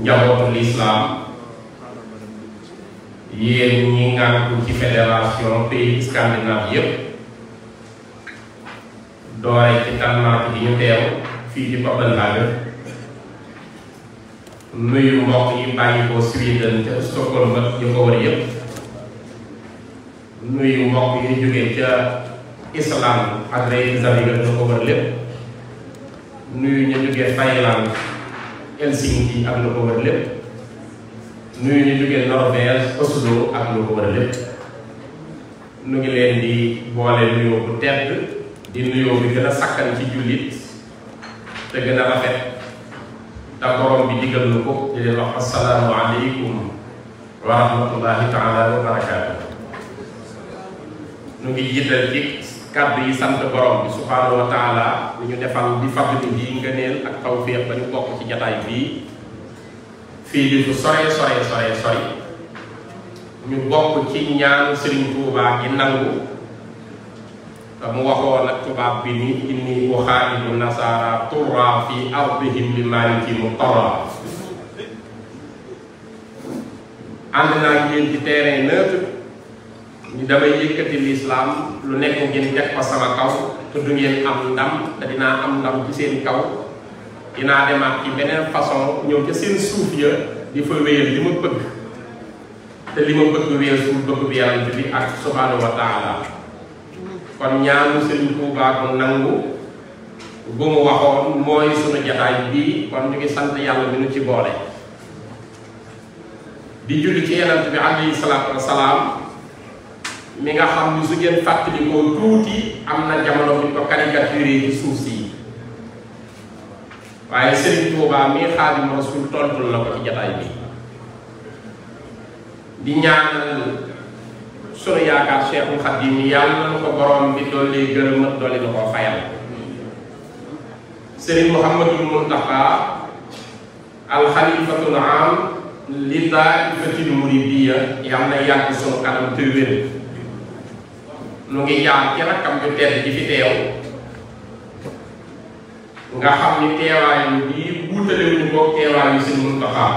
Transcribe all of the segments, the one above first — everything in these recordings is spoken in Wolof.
njabootu lislaam yéen ñi ngànku ci fédération pays scandinave yépp doore ci Danemark di ñu teew fii ci Copenhague nuyu mbokk yi bàyyi ko Sweden ca Stockholm ak ñu ko wër yépp nuyu mbokk yi jógee ca Islande ak réew Islamique ñu ko wër lépp nuyu ñu jógee Thaïlande Helsinki ak lu ko wër lepp nuy ñu jógee Norvège Oslo ak lu ko wër lepp nu ngi leen di boole nuyoo bu tedd di nuyoo bi gën a sakkan ci jullit te gën a rafet ta borom bi digal nu ko di leen wax assalaamu wa rahmatullahi taala wa barakaatu nu ngi jiital ci kàddu yi sant borom bi subhaanahu wa taala ñu defal bi fadli bii ngëneel ak tawféex ba ñu bokk ci jataay bii fii di fu sore sore sore sori ñu bokk ci ñaan Serigne Touba gi nangu te mu waxoon ak tubaab bi ni inni uxaalibu nasaara turra fi ardihim bi maaliki mu torra naa ngeen ci terrain neutre ñu damay yëkkati lislaam lu nekk ngeen def ko sama kaw te du ngeen am ndam te dinaa am ndam ci seen kaw dinaa demaat ci beneen façon ñëw ca seen suuf ya di fa wéyal li ma bëgg te li ma bëgg weesu bëgg bi yàlla bi ak subhanahu wa kon ñaanu Sëriñ Tuubaa nangu bu mu waxoon mooy sunu jataay bii kon ñu sant yàlla mi nu ci boole di julli ci yonent bi alayhi salaatu wasalaam mi nga xam ni su gene fatali ko touti amna jamono buñ ko caricaturé ci suuf si Serigne Touba mi xadim rasul tontul la ko ci jotaay bi di ñaanal sunu yaakaar Cheikhul Khadim yàlla ko borom bi dolle gërëm ak dolle ko fayal Serigne Mouhamadou muntaha al khalifatul am li fatil muridiyya yàlla yak sunu kanam teewel nu ngi yaam ci rakkam ju tedd ji fi teew nga xam ni teewaayu bii wuutale ñu ko teewaayu si Muntaxa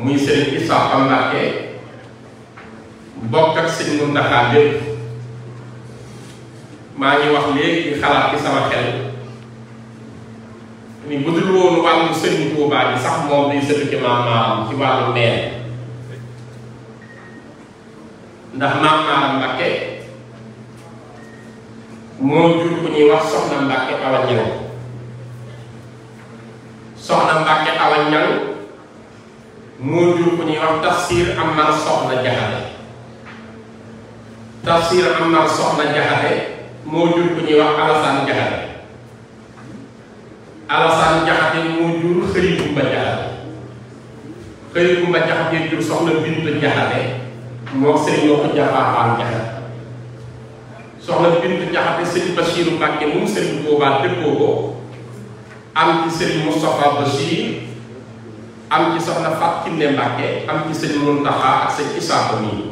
muy sëriñ Issa Mbàkke bokk ak sëriñ Muntaxa lépp maa ngi wax léegi xalaat ci sama xel ni budul woon wàllu sëriñ Tuubaa bi sax moom day sëriñ ci maam maam ci wàllu meel ndax maam Maaram Mbàkke moo jur ku ñuy wax soxna Mbàkke Awa Ñaŋ soxna Mbàkke Awa Ñaŋ moo jur ku ñuy wax tafsir Amar soxna Jaxate tafsir Amar soxna Jaxate moo jur ku ñuy wax Alassane Jaxate Alassane Jaxate moo jur xëy Gumba Jaxate xëy Gumba Jaxate jur soxna Bintu Jaxate moom sëriñ yoo ko jaxaaxaan jaxat soxna Bintu Jaxate sëriñ Bachiru Mbàkke moom sëriñ boobaa dëppoo ko am ci sëriñ Moustapha Bachir am ci soxna Fat Mbàkke am ci sëriñ Muntaxa ak sëriñ Isaaka mii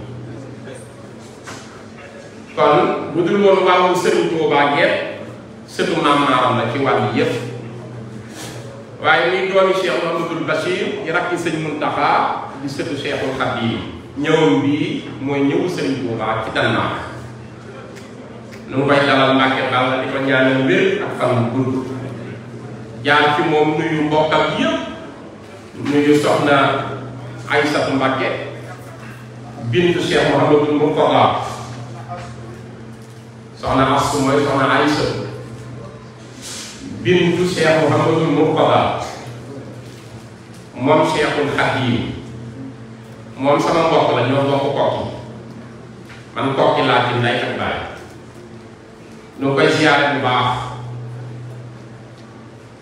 kon bu dul woon wàllu sëriñ boobaa geet sëtu maam maaram la ci wàll yépp waaye muy doomi Cheikh Mamadul Bachir di rakki sëriñ Muntaxa di sëtu Cheikhul Xadim ñoom bi mooy ñëw sëriñ Touba ci Danemark nu mu koy dalal Mbàkke Bàlla di ko ñaanal wér ak fan gudd jaar ci moom nuyu mbokkam yëpp nuyu soxna ay sat Mbàkke bint Cheikh Mouhamadou Mourtada soxna Assu mooy soxna Aysatu bintu Cheikh Mouhamadou Mourtada moom Cheikhul Khadim moom sama mbokk la ñoo bokk kokki man kokki laa ci ndey ak baay ñu ngi koy siyaare bu baax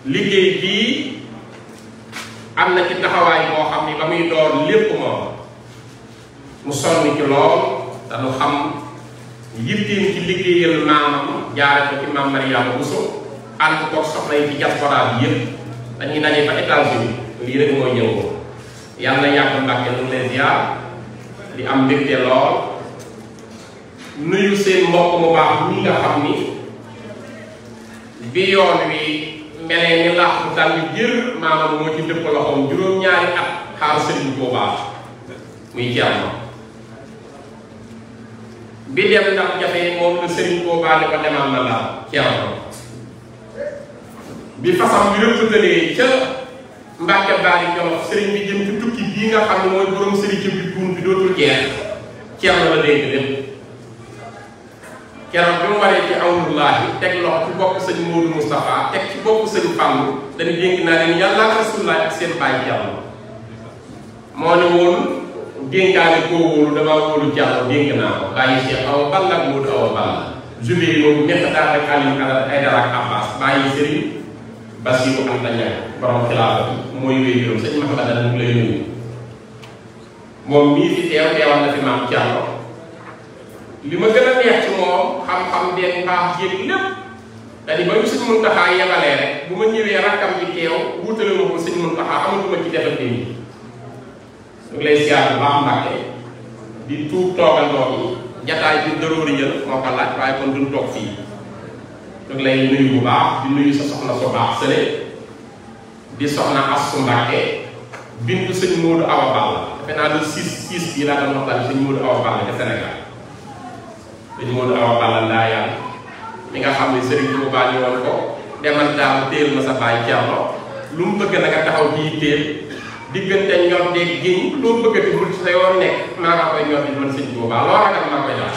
liggéey bii am na ci taxawaay boo xam ni ba muy door lépp moom mu sonn ci lool te lu xam ci liggéeyal maamam jaare ko ci maam Mariama Bousso ànd ko soxna yi ci diaspora bi yépp dañuy daje ba États-Unis lii rek mooy ñëw yàlla yàgg Mbàkke nu lay ziar di am mbégte lool nuyu seen mbokk mu baax ñi nga xam ni bi yoon wi melee ni laax bu dal jër maanaam moo ci dëpp loxoom juróom-ñaari at xaar sëriñ boobaa muy Cerno bi dem ndax jafe moom la sëriñ boobaa ni ko demal na la Cerno bi fasam bi rëpp tëlee ca Mbàkke Baari Jolof sëriñ bi jëm ci tukki bii nga xam ne mooy borom sëriñ jëm bi buum bi dootul jeex ceerno la dégg lépp keroog bi mu waree ci awnullaahi teg loxo ci bopp sëñ Moodu Moustapha teg ci bopp sëñ Fàmbu dañu dénk naa leen yàlla ak rasulilah ak seen bàyyi jàll moo ne woon dénkaane koo wóolu dama wóolu jàll ak Moodu bàyyi Serigne Basiru Anta Ñaŋ borom xilaafa mooy wéy juróom sëñ Mahmad Adama mu ngi lay nuyu moom mii fi teew teewal na fi maam Thiallo li ma gën a neex moom xam-xam benn baax yëg lépp dañu ba ñu sëñ Muntaxa yebalee rek bu ma ñëwee rakkam bi teew wutale ma ko sëñ Muntaxa amatuma ci defal nii su ngi lay siyaar bu baax Mbàkke di tuub toogal doom yi jataay bi dëroori yël moo ko waaye kon duñ toog fii ñu lay nuyu bu baax di nuyu sa soxna su baax sële di soxna Assou Mbacke bindu sëñ Modou Awa Balla defe naa le 6 6 bii laa doon waxtaan sëñ Modou Awa Balla ca Sénégal sëñ Modou Awa Balla laa yàlla mi nga xam ne Serigne Touba ñu woon ko demal daal téel ma sa bàyyi Thierno lu mu bëgg nag a taxaw ci téel diggante ñor de géñ loo bëgg di bul sa yoon nekk maa ngaa koy ñor di man sëñ Touba loo ragal maa koy ñor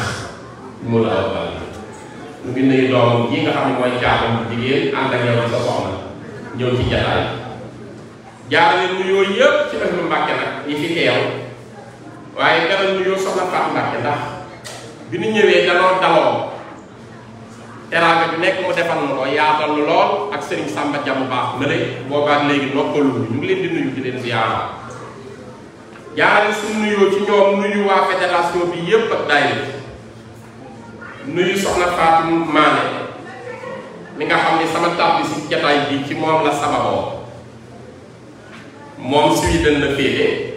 Modou Awa Balla mu a nuyu doomam yi nga xam ne mooy jaamam jigéen ànd ak sa soxna ñëw ci jataay jaarale nuyoo yëpp ci Ahlu Mbàkke nag ñi fi teew waaye dara nuyoo soxna Fatou Mbàkke ndax bi ñu ñëwee danoo daloo teraanga bi nekk mu defal na ko yaatal lu lool ak sëriñ Samba Jamu baax a lay boobaat léegi noppalu ñu ngi leen di nuyu di leen ziyaara jaarale suñu nuyoo ci ñoom nuyu waa fédération bi yëpp ak daayira nuyu soxna Fatou Mané mi nga xam ni sama tàbbi si jataay bi ci moom la sababoo moom Suède la féete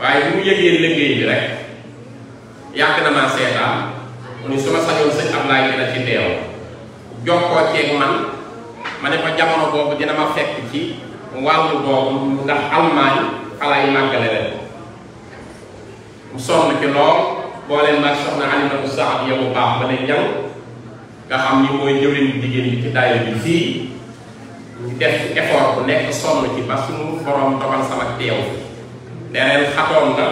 waaye mu yëgee liggéey bi rek yàgg na maa seetaan mu ni su ma sañoon sëñ Ablaye dina ci teew jokkoo ceeg man ma ne ko jamono boobu dina ma fekk ci wàllu boobu ndax Allemagne xalaay màggale leen mu sonn ci lool bolen mag soxna ali ibn sa'd yow ba ma ne ñam nga xam ni moy jëwrin digeen yi ci daayira bi fii ñu def effort bu nek son ci ba suñu borom dogal sama teew leneen xatoon na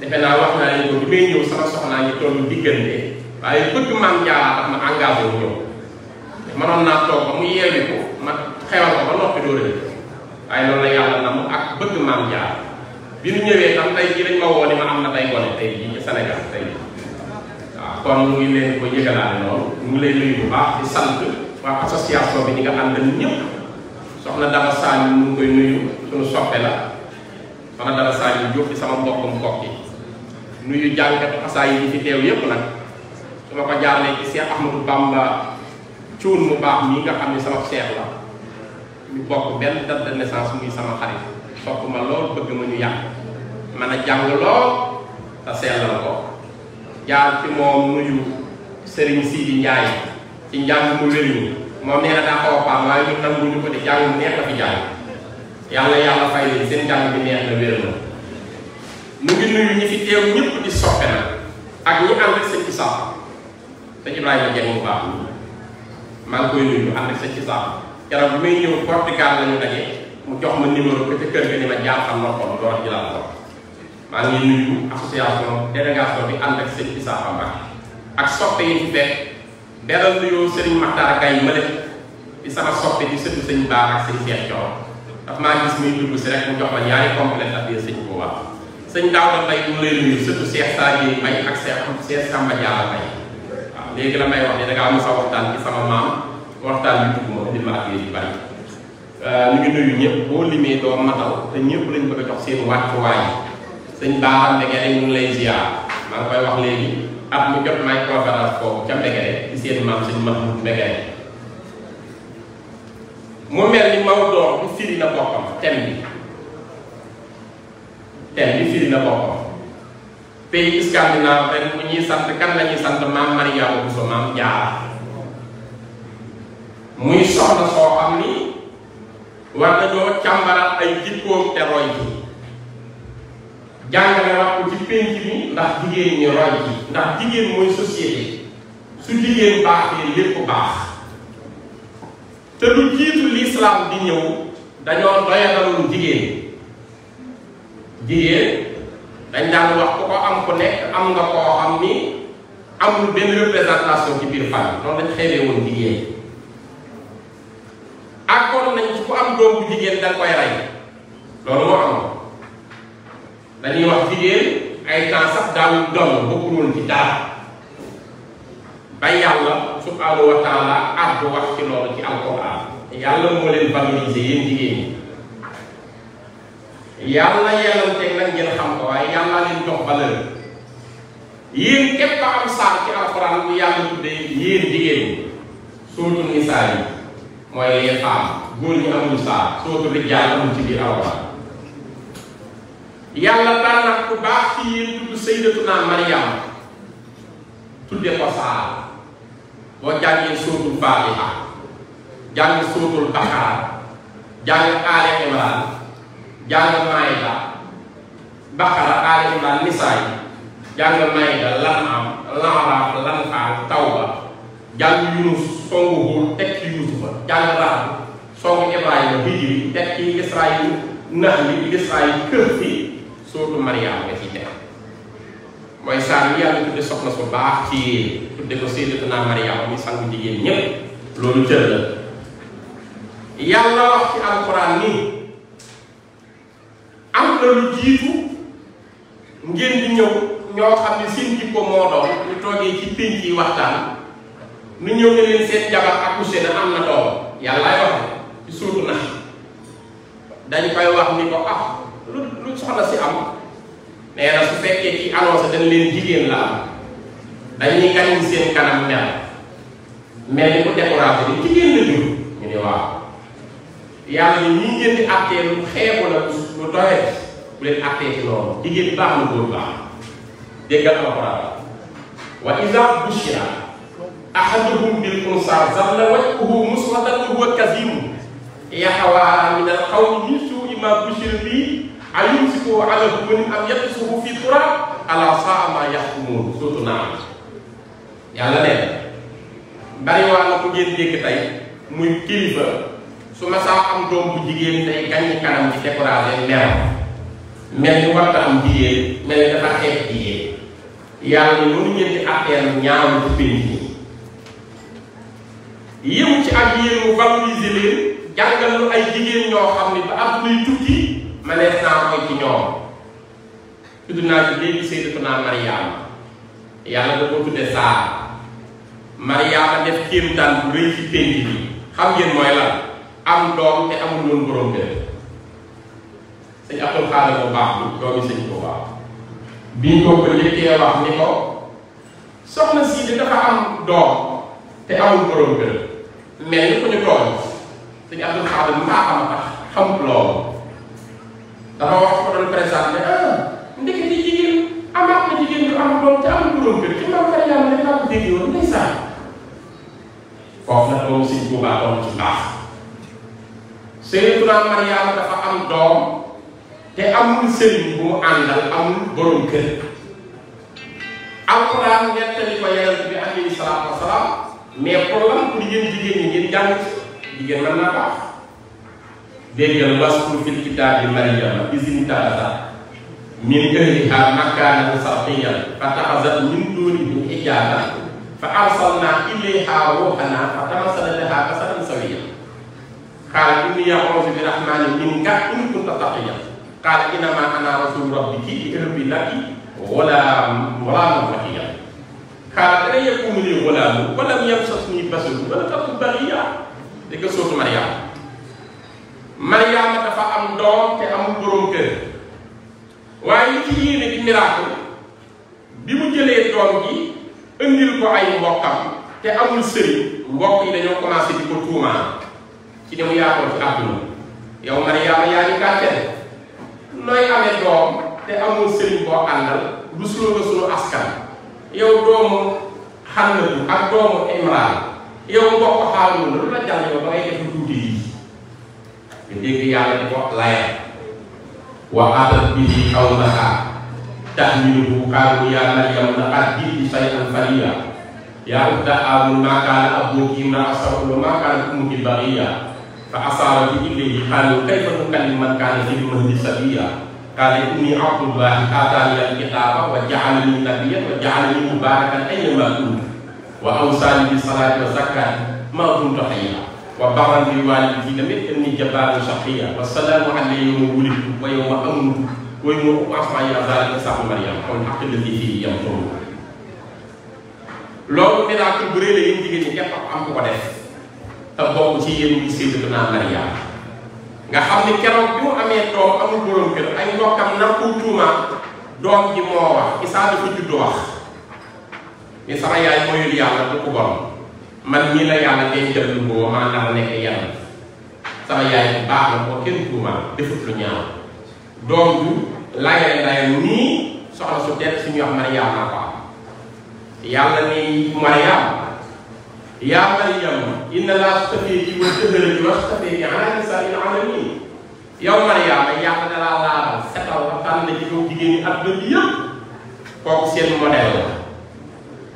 defé na wax na ñu bi may ñew sama soxna soxnaa ñu toll diggante waaye bëgg maam jaaraa tax ma engagé wu ñëw mënoon na tok ba mu yéwé ko ma xéwal ko ba noppi doore waye loolu la yalla nam ak bëgg maam jaaraa bi ñëwé tam tay jii lañ ma woo ni ma am na tay gone tay jii ci Sénégal tay ah kon mu ngi leen ko yëgalal noonu mu ngi leen nuyu bu baax di sant wa association bi ñi nga àndal ñëpp soxna Daba Sagne mu ngi koy nuyu suñu soppé la soxna Daba Sagne jox ci sama mbokkum mbokk yi nuyu jàngat xasaa yi fi téw yëpp nak suma ko jaarlé ci Cheikh Ahmadou Bamba ciun mu baax mi nga xamni sama cheikh la ñu bokk benn date de naissance muy sama xarit sopp ma lool bëgg ma ñu yàq mën a jàng lool te sellal ko jaar ci moom nuyu sëriñ Sidi Njaay ci njàng mu wériñu moom nee na daa xaw a paam waaye ñun nangu ñu ko di jàng mu neex la fi jàng yàlla yàlla fay leen seen njàng bi neex na wér na mu nuyu ñi nag ak sax sëñ bi may ñëw Portugal la ñu mu jox ma numéro ba ca kër ga ni ma jaaxal ma ko door ji laa ko maa ngi nuyu association délégation bi ànd ak sëñ ak soppe yi fi fekk beral nuyoo ma di sama soppe di sëtu sëñ Ba ak sëñ Cheikh Thior daf maa gis muy dugg ma ñaari complète ak biir sëñ Bouba sëñ Daouda Mbaye mu lay nuyu sëtu Cheikh Sadji Mbaye ak Cheikh Cheikh Samba léegi la may wax ne da ngaa a waxtaan ci sama maam waxtaan bi dugg ma ak yéen bari Euh, ñu ngi nuyu ñëpp boo limee doo matal te ñëpp lañ bëgg a jox seen wàccuwaay sëñ Baara Ndegere ñu ngi lay ziar maa koy wax léegi at mu jot maay conférence boobu ca Ndegere ci seen maam sëñ Mahmoud Ndegere mu mel ni Maodo bi firi na boppam thème bi thème bi firi na boppam pays scandinave ren bu ñuy sant kan la sant maam Mariama Bousso maam Jaara muy soxna soo xam ni. war nañoo càmbaraat ay jikkoom te roy ci jàngale wax ko ci pénc mi ndax jigéen ñi roy ci ndax jigéen mooy société su jigéen baaxee lépp baax te lu jiitu lislaam di ñëw dañoo doyadaloon jigéen jigéen dañ daan wax ku ko am ku nekk am nga koo xam ni amul benn représentation ci biir famille loolu lañ xeebee woon jigéen amoon loolu moo amoon dañuy wax jigéen ay temps sax daawul doom bokkul woon ci dara ba yàlla subhanahu wa taala àbb wax ci loolu ci alquran yàlla moo leen valoriser yéen jigéen ñi yàlla yelanteeg nag ngeen xam ko waaye yàlla leen jox valeur yéen képp a am saar ci alquran bu yàlla tuddee yéen jigéen ñi surtout mooy les femmes góor ñi amuñu saar soo ko rijaal amul ci biir awra yàlla tànn ku baax ci yéen tudd sayyidatuna Maryam tudde ko saar boo jàngee sóotul Faatiha jàng sóotul Baqara jàng Aali Imraan jàng Maayda Baqara Aali Imraan Nisaa jàng Maayda Lan'am La'raaf Lanfaal Tawba jàng Yunus songu Huud teg ci Yuusufa jàng Rahd soogu ibrahima bi diwi teg ci israil nax li israil kër fi suurtu mariama nga ciy teg mooy saar bi yàlla tudde soxna su baax ci tudde ko sayyidatuna mariama mi sangu jigéen ñépp loolu cër la ya? yàlla ya wax ci alquran nii am na lu jitu ngeen di ñëw ñoo xam ne seen jikko moo doon ñu toogee ci pénc yi waxtaan nu ñëw seen jabar accouché na ya am na doom yàllaay wax suuna dañ koy wax ni ko ah lu lu soxla ci am neena su fekke ci annonce dañ leen jigen la am nah, kan dañuy gañ seen kanam mel mel ni ko découragé ni jigen la jur ñu ni waaw yalla ni ñi ngeen di atté lu xébu la lu doye bu leen atté ci lool jigen baax na goor baax déggal alxuraan wa iza bushira ahaduhum bil unsa zalla wajhuhu muswadan wa huwa kazim يحوى من القوم من سوء ما بشر به أيمسكه على هون أم يقصه في تراب ألا ساء ما يحكمون سورة نعم يلا نعم bari wala ko ngeen dégg tey muy kilifa su ma saa am doom bu jigéen tey gañ kanam ci découragé mer mel ni warta am jigéen mel ni dafa xeex jigéen yàlla ni mënu ngeen di atteel ñaaw ci pénc yi yëm ci ak yéen valoriser jàngal lu ay jigéen ñoo xam ni ba am luy tukki manees naa koy ci ñoom tudd naa ci léegi Sayyidatuna Mariyaama yàlla da ko tudde saar Mariyaama def kéemtaan bu rëy ci pénc bi xam ngeen mooy lan am doom te amul woon borom benn sëñ Abdul Xaadir bu baax bi doomi sëñ bu baax biñ ko ko njëkkee wax ni ko soxna si di dafa am doom te amul borom benn mel ni ku ñu tooñ suñu Abdou Khadre mu maa xam a tax xamut loolu dafa wax ko doon présenté ah ndekete jigéen amaat na jigéen ñu am doom te amul borom kër ci maam Faye yàlla dañ laa ko dégg woon ndeysaan foofu nag loolu sëñ Tuubaa doon ci baax Seydatuna Mariama dafa am doom te amul sëriñ bu mu àndal amul borom kër alxuraan nettali ko yonent bi alayhi salaatu wasalaam mais problème pour yéen jigéen ñi ngeen jàng jigéen mën naa baax dégg ngeen wasku fil kitaabi maryama isintalata min ahliha makanan sarqiyan fataxasat min duunihi xijaaba fa arsalna ilayha ruuxana fa tamasala ya laha basaran sawiya qaala inni audu bi rahmani minka ya. in kunta taqiya qaala innama ana rasulu rabbiki li laki غلام غلام فقيا قال أن يكون wala غلام ولم يمسسني بشر ولم تكن بغيا di ko sóotu Mariama dafa am doom te amul borom kër waaye li ci yéene di miracle bi mu jëlee doom gi indil ko ay mbokkam te amul sëriñ mbokk yi dañoo commencé di ko tuumaan ci ne mu ci àdduna yow Mariama yaa ngi gàcceel nooy amee doom te amul sëriñ boo àndal du sunu nga sunu askan yow doomu xànnatu ak doomu Imraan Ya untuk hal mundur lah jangan jawab itu budi. Jadi kiamat kok layak. Wa adat bihi kaumaka tahmiluhu kariyana yang menakadi bisayang fariya. Ya udah alun makan abu kima asal makan mungkin baria. Fa'asal bi'ili halu kaifan kalimat kana fi mahdisabiyah kali ini aku Abdullah kata yang kita apa wajahani nabiya wajahani mubarakan ayyamakum ya, wa awsaani bi salaati wa zakaati maa kuntu hayya wa baran bi waalidati lam yaj'alnii jabbaaran shaqiyya wa salaamu alayya yawma wulidtu wa yawma amuutu wa yawma ub'athu hayya zaalika sa'yu Maryam wal haqqu llazii fiihi yamtaruun loolu miracle bu rëy la yéen jigéen ñi képp am ku ko def te bokk ci yéen ñi Sayyidatuna Maryam nga ni keroog bi amee doom amul borom kër ay mbokkam na ko tuuma doom ji moo wax Isaa dafa judd wax. ni sama yaay moy yàlla du ko bon man mii la yalla yàlla jël lu boo maa nar nek yalla sama yaay bu baax la ko kenn ko ma def lu ñaaw doom la yaay ndayam ni soxla su tedd suñu wax Mariyaam yalla ko yalla yàlla ni Mariyaam ya maryam inna laa stafeeti wa tëhërëji wa stafeeti ala nisaa alamin ya Mariyaama ya dalaa la setal la tànn ci kaw jigéen ñi ak dëkk yeb kooku sen model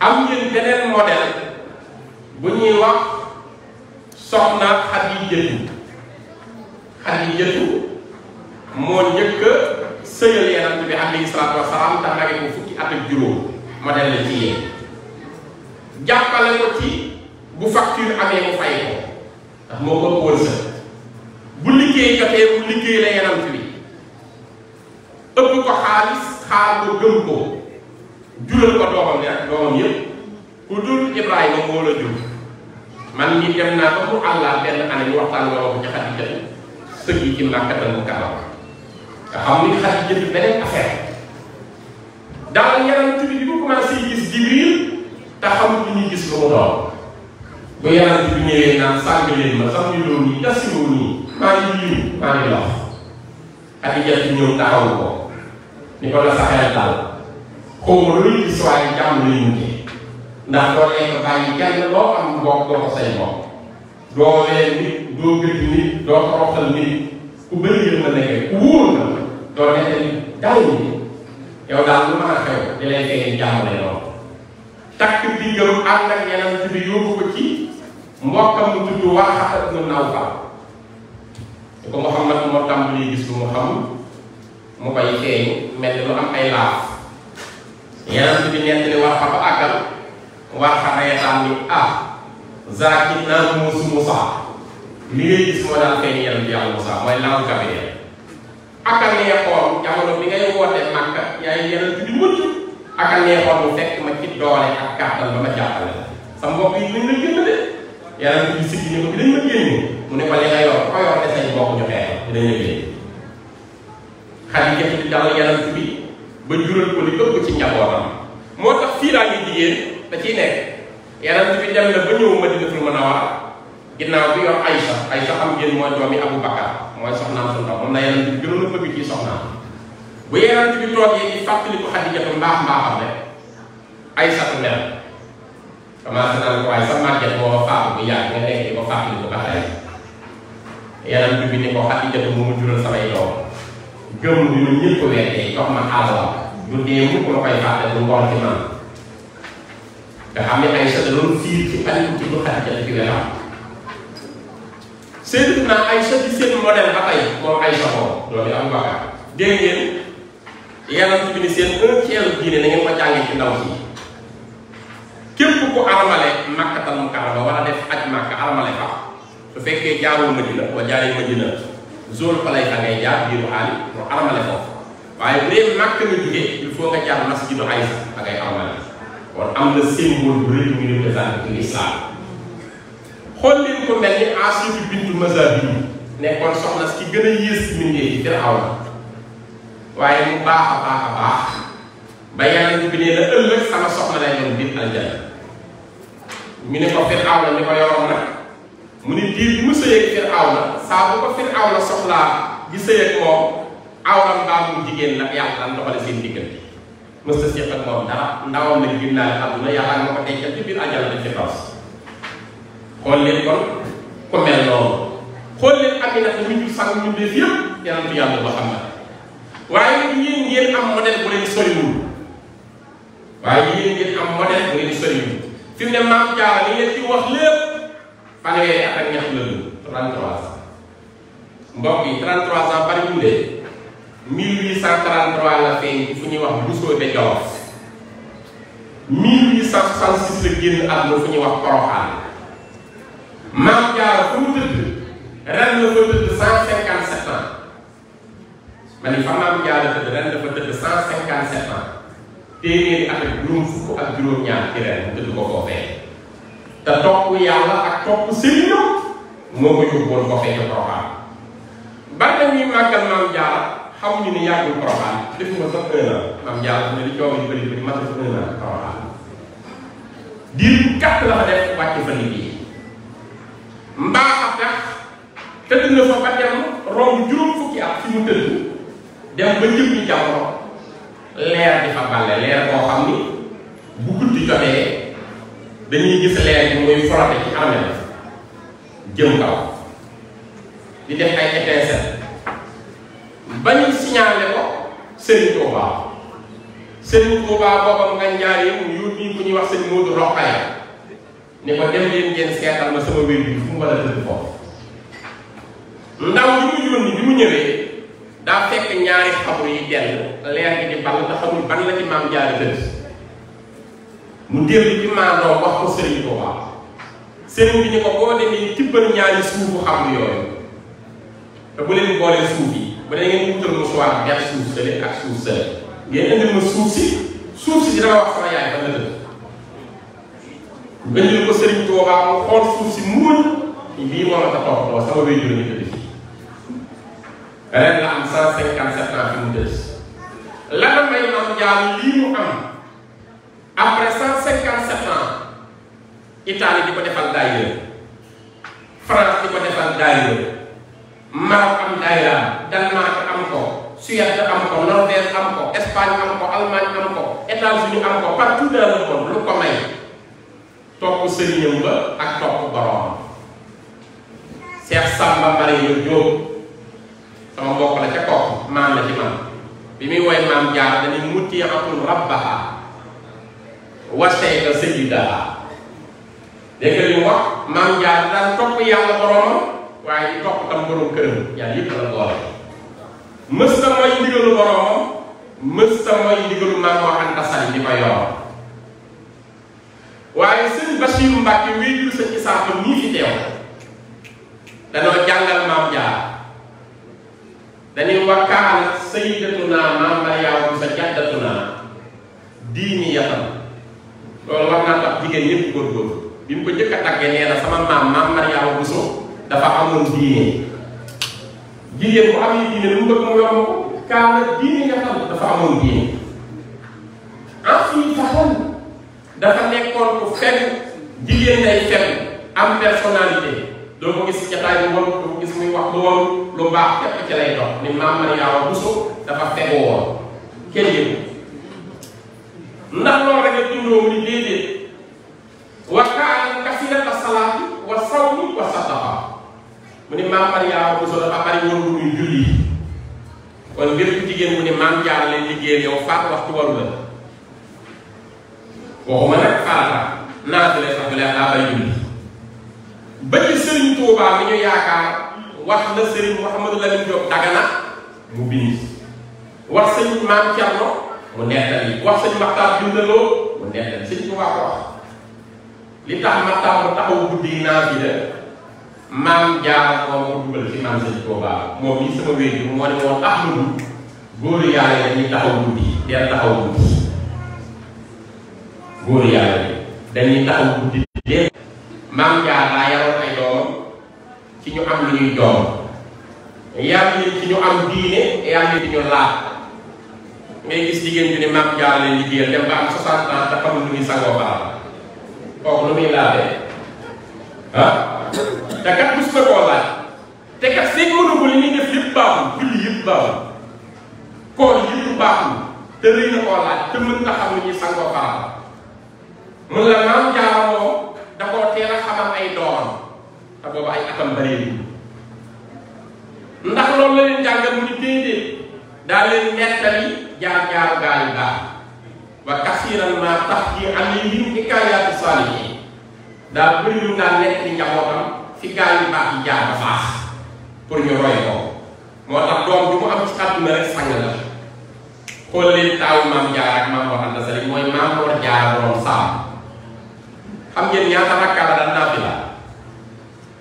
am ñun beneen modèle bu ñuy wax soxna Xadiijatu Xadiijatu moo njëkk sëyal Yonent bi alayhi salaatu wa tax nage bu fukki at ak juróom modèle la ci jàppale ko ci bu facture amee mu fay ko ndax moo ko wërsëg bu liggéey jotee mu liggéey la Yonent bi ëpp ko xaalis xaar ko gëm ko jural ko doomam ak doomam yépp ya? ya? ku dul ibrahima moo la jur man ni dem naa ba mu allah benn année ñu waxtaan nga wax ci xadija yi sëg yi ci màkkatal mu karam nah, nga xam ni xadija di beneen affaire ya? daal yaram tubi bi ko commencé gis jibril te xam lu ñuy gis lu mu doon bu yaram tubi ñëwee naan sàng leen ma xam ni loolu nii tasimoo nii maa ngi lii maa ngi lox xadija ci ñëw taxaw ko ni ko la sa xel daal óolu histoire yi jàmm lay mujjee ndax doo lekk bàyyi kenn loo am mbokk doo say mbokk doo leen nit doo gëj nit doo toroxal nit ku bëri yërmande nga ku wóor na doo nekk ni daw ni yow daal lu mën xew di lay fekkee jàmmale lool takk diggam ànd ak yeneen bi yóbbu ko ci mbokkam mu tudd waa xatat na naw fa te ko Muhammad moo tàmbali gis lu mu xam mu koy feeñ mel ni lu am ay laaf yonent bi nekk li warxa ba àggal warxa reetaan ni ah zaaki naan muusu Musa li ngay gis moo daan feeñ yonent bi yàlla Musa mooy law Gabriel aka neexoon jamono bi ngay woote Màkka yaay yonent bi mucc aka neexoon mu fekk ma ci doole ak kàttan ba ma jàppale sa mbokk yi nañ la génn de yonent bi siggi ni ko ma génn mu ne ko li nga yor ko yor ñu xeex dinañ la génn di dal yonent bi ba jural ko li ëpp ci njabootam motax fi la ngi jigéen da ci nek yaram bi dem na ba ñëw madinatul munawara ginnaw bi yor aisha aisha am gën mo doomi abou bakkar mooy soxnaam sun ndaw mom la yaram bi gënoon a bi ci soxna bu yaram bi toogee yi fatali ko ko mbax mbax am rek aisha ko mel sama sama ko waaye sa màgget ko fa bu yàgg nga nek ko fa ko ba tay yaram bi ni ko xadijatu mu jural sama doom gëm ñu ñun ñëpp weddee jox ma àllam du dee mukk ma koy fàtte du ngoon ci man nga xam ne ay sa da doon fiir ci xarit ci du xarit ci wetam seen na ay sa ci seen modèle ba tey moom ay soxoo loolu am bakkaar dégg ngeen yàlla bi ni seen un tiers diine na ngeen ko jàngee ci ndaw si képp ku aramale Makkatal Mukarrama wala def aj Makka aramale fa su fekkee jaaroo Madina wala jaaree Madina zone xolay fa ngay jaar biiru aali pour aramale foofu waaye bu dee màkk nga jógee il faut nga jaar masjidu aysa fa ngay aramale kon am na symbole bu rëy mu ñu représenté ci islam xool leen ko mel ni Aasiya bintu Mazahib nekkoon soxna si gën a yées mbindee ci Firawna waaye mu baax a baax a baax ba yonent bi nee na ëllëg sama soxna lay doon biir aljanna ñu ne ko Firawna ñu ko yoroon nag mu ni liir bi mu sëyeeg fir awna la saa bu ko fir awna la soxlaa di sëyeeg moom awram mbaamu jigéen la yàlla daan doxale seen diggante mësta séq ak moom dara ndawam la génnaale àdduna yàlla nga ko dencal ci biir àjjana la ci taws xool leen kon ku mel noonu xool leen amina mi jur sang ñu def yëpp yenantu yàlla Muhammad waaye ñi ngeen am modèle bu leen soriwul waaye yéen ngeen am modèle bu leen soriwul fi mu ne maam jaara li ngeen ci wax lépp fanweeri at ak ñett la dund 33 ans mbokk yi 33 ans bariwul de 1833 la feeñ fu ñuy wax Bousso de Jolof 1866 la génn àdduna fu ñuy wax Poroxaan Maam Jaara fu mu tëdd ren la fa tëdd 157 ans ma ni fa Maam Jaara tëdd ren la fa tëdd 157 ans téeméeri at ak juróom fukk ak juróom-ñaar ci ren mu tëdd ko foofee te topp yalla ak topp sëriñam moo ko yóbbuwoon ba fekk Porokhane bari na ñuy màggal maam Jaara xamuñu ne yàggul Porokhane def ma sax un an maam Jaara ne li coow bari bëri bëri mat na un an Porokhane diir gàtt la fa def wacc fa liggéey mbaa xam tax tëdd na fa ba dem romb juróom fukki at ci mu teul dem ba jëm ni jamono leer di fa balé leer bo xam ni bu guddi jotee dañuy gis leer bi muy frotté ci armée jëm kaw di def ay étincelle ba ñu signalé ko Serigne Touba Serigne Touba boobam nga ñaar yow ñuy wax sëñ Modou Rokhaya ni ko dem leen ngeen seetal ma sama wér bi fu mu war a tëdd foofu ndaw li mu yónni bi mu ñëwee daa fekk ñaari xabru yi dell leer gi di ball te xamul ban la ci maam jaari tëdd mu dellu ci maandoo wax ko sëriñ Tuubaa sëriñ bi ñu ko boo demee tibbal ñaari suufu xam yooyu te bu leen boolee suuf yi bu dee ngeen wutal musuwaar def suuf sële ak suuf sële ngeen indil ma suuf si suuf si dina wax sama yaay fan la dëkk gëjul ko sëriñ Tuubaa mu xool suuf si muul lii moo la ko toppatoo sama wéjur ñu ko def ren la am 157 ans fi mu des la may noonu jaar lii mu am. après 157 ans Italie diko defal daayira France diko defal daayira Maroc am daayira Danemark am ko Suède am ko Norvège am ko Espagne am ko Allemagne am ko États-Unis am ko partout dans le monde lu ko may top sëriñam ba ak top borom Cheikh Samba Mbaye yo Diop sama bokk la ca kooku maam la ci man bi muy woy mam jaar dañuy mutiyatul rabbaha wasayka sayyidaha dégg nga li mu wax maam jaar daan topp yàlla boromam waaye di topp tam borom këram yàlla yëpp la ko waxee mës ta mooy ndigalu boromam mës ta mooy ndigalu maam wax Anta di ko yor waaye sëñ Bachir Mbacke wéy jur sëñ Isaaka nii fi teew danoo jàngal maam jaar dañuy wakkaan sayyidatuna maam Mariyaam sa jaddatuna diini yatam loolu war naa tax jigéen ñëpp góorgóorlu bi mu ko njëkk a tàggee nee na sama maam maam Mariama Bousso dafa amoon diine jigéen bu am diine lu mu bëgg mu yomb ko kaana diine nga xam dafa amoon diine ensuite taxoon dafa nekkoon ku fenn jigéen day fenn am personnalité doo ko gis jataay bu woon doo ko gis muy wax lu woon lu baax képp ci lay dox ni maam Mariama Bousso dafa fegu woon kenn yëpp ndax loolu rek la dundoo mu ni déedéet wa kaana kasirata salaati wa sawmi wa sadaqa mu ni maam Mariama Bousso dafa bari woon muy julli kon bépp jigéen mu ne maam Jaara leen liggéeyal yow faat waxtu waru la waxuma nag farata naatale sax bu leen daa bay julli ba ci Serigne Touba ñu yaakaar wax na Serigne Mouhamadou Lamine Diop Dagana mu bind wax sëñ maam Thierno. mu nettali wax sëñ Maxtaar bindaloo mu nettali sëñ Tuubaa ko wax li tax Maxtaar mu taxaw guddi naa fi de maam jaar moom mu dugal ci maam sëñ Tuubaa moom yi sama wéy bi moo ne woon Ahmadu góor yàlla yi dañuy taxaw guddi deel taxaw guddi góor yàlla yi dañuy taxaw guddi dee maam jaar laa yaroon ay doom ci ñu am lu ñuy doom ci ñu am diine yar leen ci ñu laaj ngay gis jigéen bi ne mag jaale lay liggéeyal dem ba am 60 ans dafa lu muy sangoo baal kooku lu muy laabee ah te kat bés nga koo laaj te kat seen mënu ko li ñuy def yëpp baaxul julli yëpp baaxul koor yëpp baaxul te rëy na koo laaj te mën xam lu ñuy sangoo la maam jaaroo da koo teel a xamal ay doon te ay atam ndax loolu la leen jàngal mu ni daa netali jaar jaar gal gaa wa kasiran ma tax yi alayhim salih da daa bëri lu naan nekk ni jabotam fi gal ba baax jaar ba baax pour ñu roy ko mo tax doom bu mu am ci xat na rek sang la xool leen taawu maam jaar ak mam waxal da Sali moy mam war jaar borom sa xam ngeen ñaata rakkaa la daan na fi la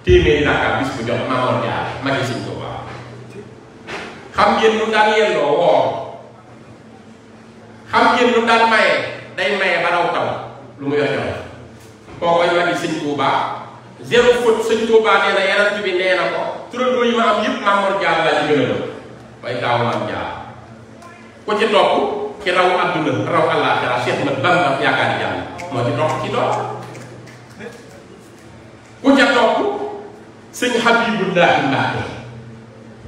téeméeri rakkaa bis bu jox mam war jaar ma ci ko คำยินนุนดันเรียนหลวงคำยินนุนดันใหม่ได้แม่มาเราตับลุงไหมจ๊ะพอไปวันที่สิงคูบาเจ้าฟุตสิงคูบาเนี่ยนายนั่งจุบินเนี่ยนะพ่อทุเรดุยมาอมยิบมาหมดยาละจีเงินไปดาวน์มันยาก็จะดรอปคือเราอับดุลเราอัลลาห์เราเสียหมันบังมันพยาการยังมันจะรอกที่ดรอปกูจะดรอปซึ่งฮับบีบุลลาห์มาเนี่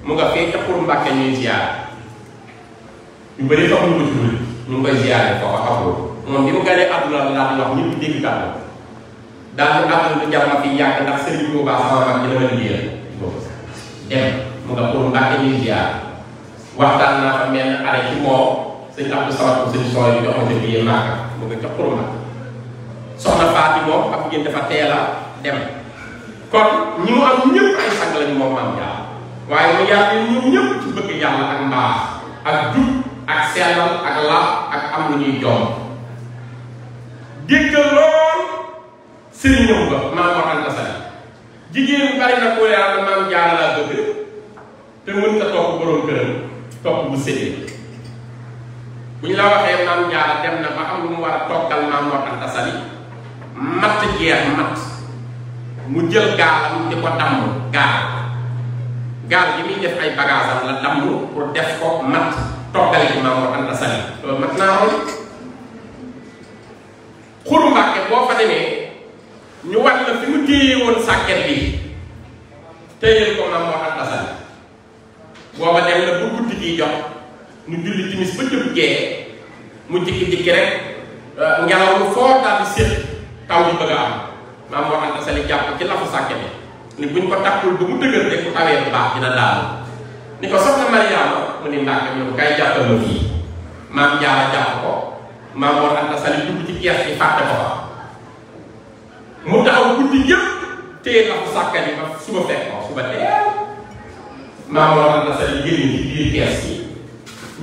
mu nga fee ca pour Mbàkke ñuy ziar ñu bëri xamuñu ko ci ñu mu ganee àdduna la daal di wax ñëpp dégg kàddu daal mu nga pour Mbàkke ñuy ziar waxtaan naa fa mel bi joxoon sa billet Màkka mu nga ca moom ak ngeen dafa teel dem kon ñi mu am ñëpp ay sang lañu moom maam jaar waaye mu yàlla ñun ñëpp ci bëgg yàlla ak mbaax ak jub ak sellal ak laab ak am lu ñuy joom dégg lool sëriñam ba maam jigéen bari na ko yàlla maam Jaara laa bëgg te mën ñu la waxee maam Jaara dem na ba am lu mu war a toggal maam Mor jeex matt mu jël gaalam di ko damm gaal gaal gi muy def ay bagage am la damm pour def ko mat toggal ci Maam Mor mat naa roy xuru boo fa demee ñu war la fi mu téye woon sàkket bi téyel ko Maam Mor Anta Sali booba dem na bu guddi gi jox ñu julli timis ba jub gee mu jikki-jikki rek euh, ngelaw lu fort daal di séq taw bëgg am Maam Mor Anta jàpp ci lafu sàkket bi ni buñ ko takkul ba mu dëgër rek bu awee bu baax dina daal ni ko soxna Mariama mu ni Mbàkke mu ko kay jàppal ma fii maam Jaara jàpp ko maam Mor Anta Sali dugg ci kees bi fàtte ko mu taxaw guddi yëpp téye na ko sàkkani ba suba fekk ko suba teel maam Mor Anta Sali génn ci biir kees bi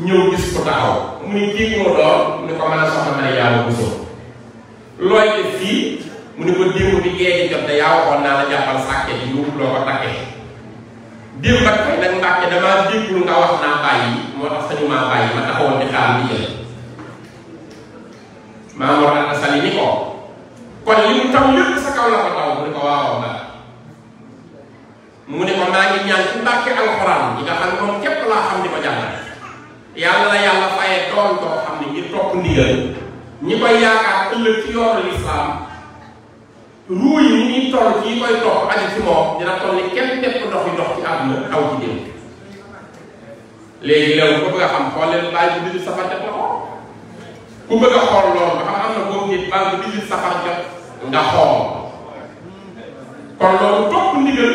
ñëw gis ko taxaw mu ni kii moo doon mu ko mën a soxna Mariama bu looy def fii mu ne ko démb bi géej jot da yaa waxoon na la jappal sakke di ñu lo ko takke démb ba tay nak mbacke dama déggul nga wax na bayyi mo tax sañu ma bayyi ma taxawon di xam bi jël mo ra na sali ni ko kon li mu taw lepp sa kaw la ko taw mu ko waaw na mu ne ko maa ngi ñaan ci mbacke alquran yi nga xam mom kep la xam di ko jàllale yalla yalla fayé doon do xam ni ñi top ndigal ñi ko yaakaar ëllëg ci yoonu l'islam ruu yi ni toll ci koy topp aju ci moom dina toll ni kenn tepp ndox yi ndox ci àdduna a xam na ko ku a xool nga xool kon loolu topp ndigal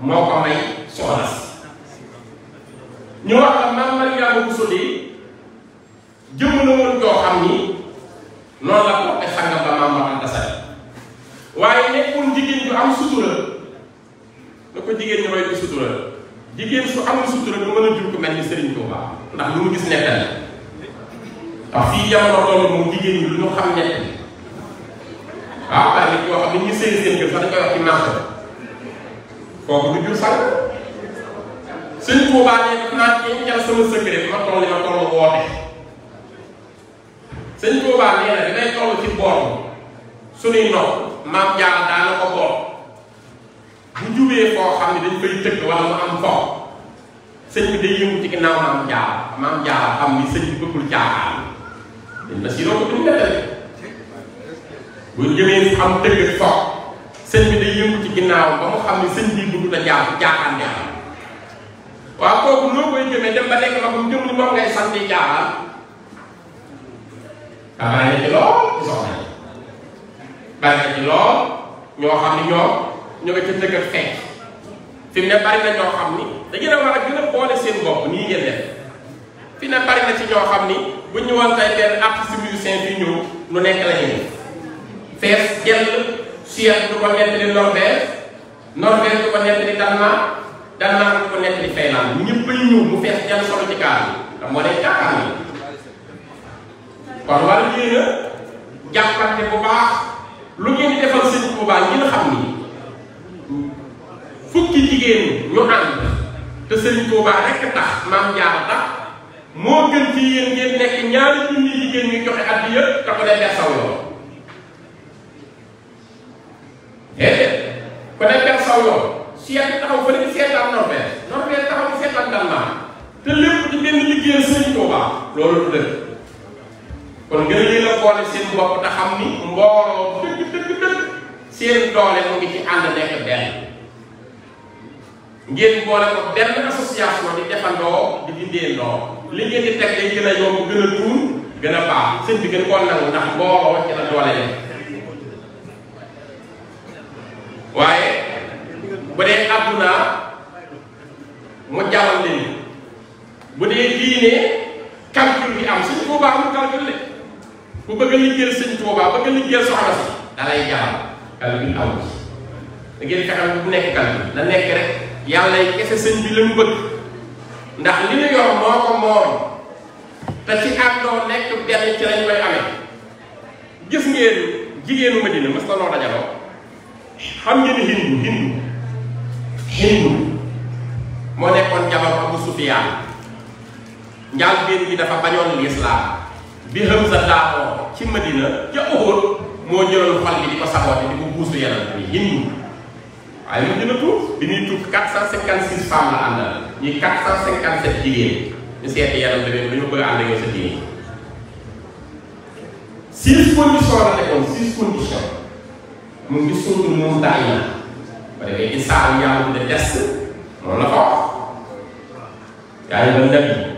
moo ko may soxna si ñu wax la maam Mariama Bousso di jëm na woon joo xam ni noonu la ko ay sangam ba maam Mor Anta Sali waaye nekkul jigéen ju am sutura da ko jigéen ñi roy ci sutura jigéen su amul sutura du mën a jur ko mel ni Serigne Touba ndax lu mu gis nekkal ndax fii jamono loolu moom jigéen ñi lu ñu xam nekk waaw ay ah, nit yoo xam ne ñu sëy seen kër sax dañ koy wax ci marché kooku du jur sang Serigne Touba ne naan ñi ñal sama secret ma toll ma toll woote sëñ Touba nee na dangay toll ci boor suñuy nopp maam yàlla daana ko bool jubee foo xam ne dañ koy tëgg wala mu am foo sëñ bi day yëngu ci ginnaaw maam yàlla maam yàlla xam ni sëñ bi bëggul na si ko duñ defee am tëgg foo sëñ xam ni sëñ bi a loo koy jëmee dem ba nekk magum jëm ni moom ngay sant caaxaan. xanaa ne ci bari na ci lool ñoo xam ni ñoom ñoo ngi ca dëgg fekk fi ne bari na ñoo xam ni dañu ne war a gën a boole seen bopp nii ngeen def fi ne bari na ci ñoo xam ni bu ñu woon tey benn artiste musicien bi ñëw lu nekk la fees jël a ñëw mu solo ci kaar bi te moo nekk caaxaan kon war a jàppante bu baax. lu ngeen di defal sëñ Tuubaa ngeen xam ni fukki jigéen ñu ànd te sëñ Tuubaa rekk tax maam jaara tax moo gën ci yéen ngeen nekk ñaari junni jigéen ñu joxe addiya te ko dee bersaw yoon déedéet ko dee bersaw yoon si yàgg taxaw fa ni seetaan Norvège Norvège taxaw ni seetaan Danemark te lépp di benn liggéeyal sëñ Tuubaa loolu du dëgg kon gën a la boole seen bopp te xam ni mbooloo seen doole mu ngi ci ànd nekk benn ngeen boole ko benn association di defandoo di dindee ndoo li ngeen di teg day gën a yomb gën a tuur gën a baax sëñ bi gën koo nangu ndax mbooloo ci la doole leen waaye bu dee àdduna mu jaral leen bu dee diine calcul bi am suñu boobaa mu calcul leen ku bëgg a liggéeyal sëñ Tuubaa bëgg a liggéeyal soxna si da nekk calcul nekk rek yàlla kese sëñ li yor moo ko moom te ci àndoo nekk benn ci lañ koy nekkoon jabar Abu Sufyaan njaal benn bi dafa bañoon lislaam bi Hamza daanoo ci Madina ca Uhud moo jëloon xol bi di ko saboote di ko buusu yaram bi yëngu waaye mu gën a tuut bi ñuy tuut 456 femmes la àndal ñuy 457 jigéen ñu seeti yaram bi dañu bëgg a ànd ak yow sa diine six conditions la nekkoon six conditions mu ngi sundul moom daal na ba defee insaan yàlla de test moom la ko wax yaa ngi doon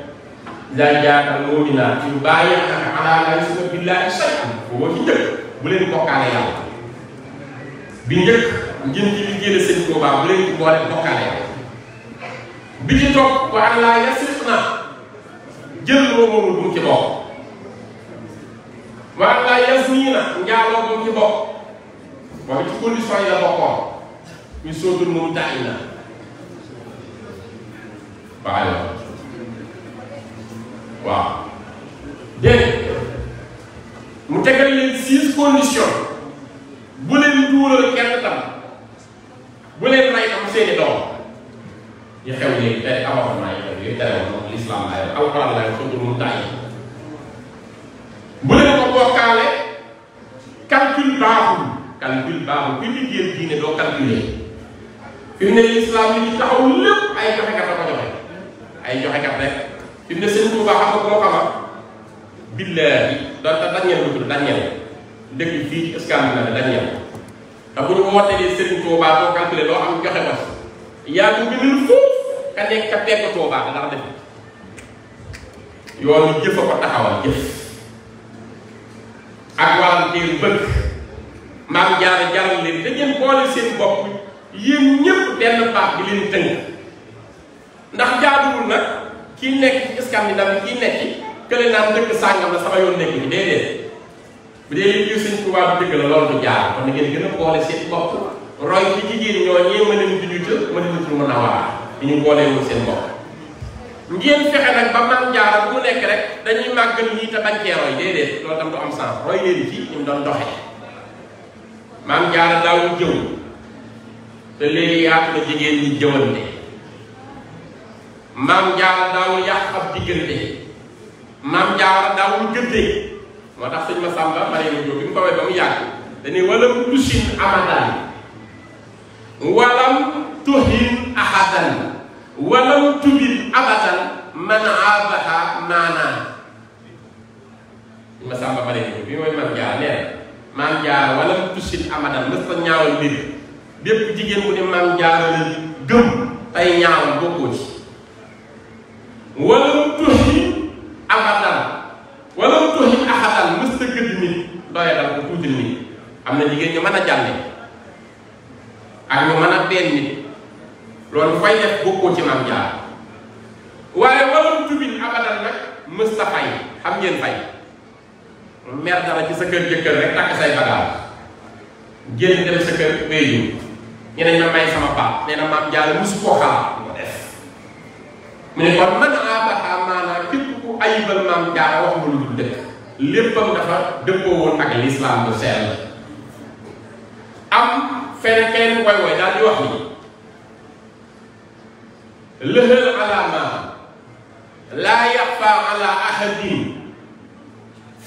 lay jaatal mu'minaa ci lu bàyyi ak alaa laa yusrika billaahi shay'an boobu ci njëkk bu leen bokkaale yàlla bi njëkk njën ci liggéey la sëñ Tuubaa bu leen ci boole bokkaale yàlla bi ci topp wa alaa yasrifnaa jël loo moomul bu mu ci bokk wa alaa yazniinaa njaaloo bu mu ci bokk waaye ci condition yi la bokkoon ñu sóotul moom taay na waaye waaw dégg mu tegal leen six conditions bu leen duural kenn tam bu leen may am seeni doom yi xew léegi tey avortement yi xew yooyu tere woon moom l'islam lay wax alxuraan lay wax mu tàyyi bu leen ko bokkaale calcul baaxul calcul baaxul ku liggéey diine doo calculer fi mu ne l'islam yi ñu taxaw lépp ay joxekat la ko joxe ay joxekat rek fi mu ne sëñ Touba xam nga billahi da ta billaahi donte dañeel lu tudd dañeel dëkk fii ci Scandinavie dañeel da bu ñu wootelee Serigne Touba do calculer do am joxe ko yaa ngi bindul foofu ka nek ka tekk Touba ndax def yoonu jëf ko taxawal jëf ak ci bëkk maam jaare jaral leen da ngeen boole seen bopp yeen ñepp benn baax bi leen teñ ndax jaadul nak kii nekk ci Scandinavie kii nekk kële naan dëkk sàngam la sama yoon nekk bi déedéet bu dee li ñu Sëñ Tuubaa bi la loolu du jaar kon na ngeen gën a te a waar di ñu booleewul seen bopp ngeen fexe nag ba man jaara bu nekk rek dañuy màggal ñii te bañ cee roy déedéet loolu tam du am sens roy leen ci ñu doon doxee maam jaara daawul jëw te léegi yaatu na jigéen ñi jëwante maam jaara daawul yàq ab diggante maam jaara daawul gënte moo tax sëñ Masamba bari na bi mu bawee ba mu yàgg dañuy walam tusin abadan walam tuhin ahadan walam tubin abadan man abaha maanaa sëñ Masamba bari na bi mooy maam jaara nee na maam jaara walam tusin abadan mës ta ñaawal mbir bépp jigéen bu ne maam jaara la gëm tey ñaawal bokkoo ci wala tuhi abadan wala tuhi ahadan mës a am na jigéen ñu mën a jàlle ak ñu mën a benn nit loolu fay def bokkoo ci maam jaar waaye wala tubin abadan nag mës sa fay xam mer dara ci sa kër jëkkër rek takk say bagaal génn dem sa kër ñu ñeneen na may sama baax nee na jaar mës koo mu ne kon man aabaha maanaam képp ku ayibal maam jaara wax nga lu dul dëkk léppam dafa dëppoo woon ak lislaam bu sell am feneen kenn koy woy daal di wax ni lëhël alaama laa yaxfa ala ahadin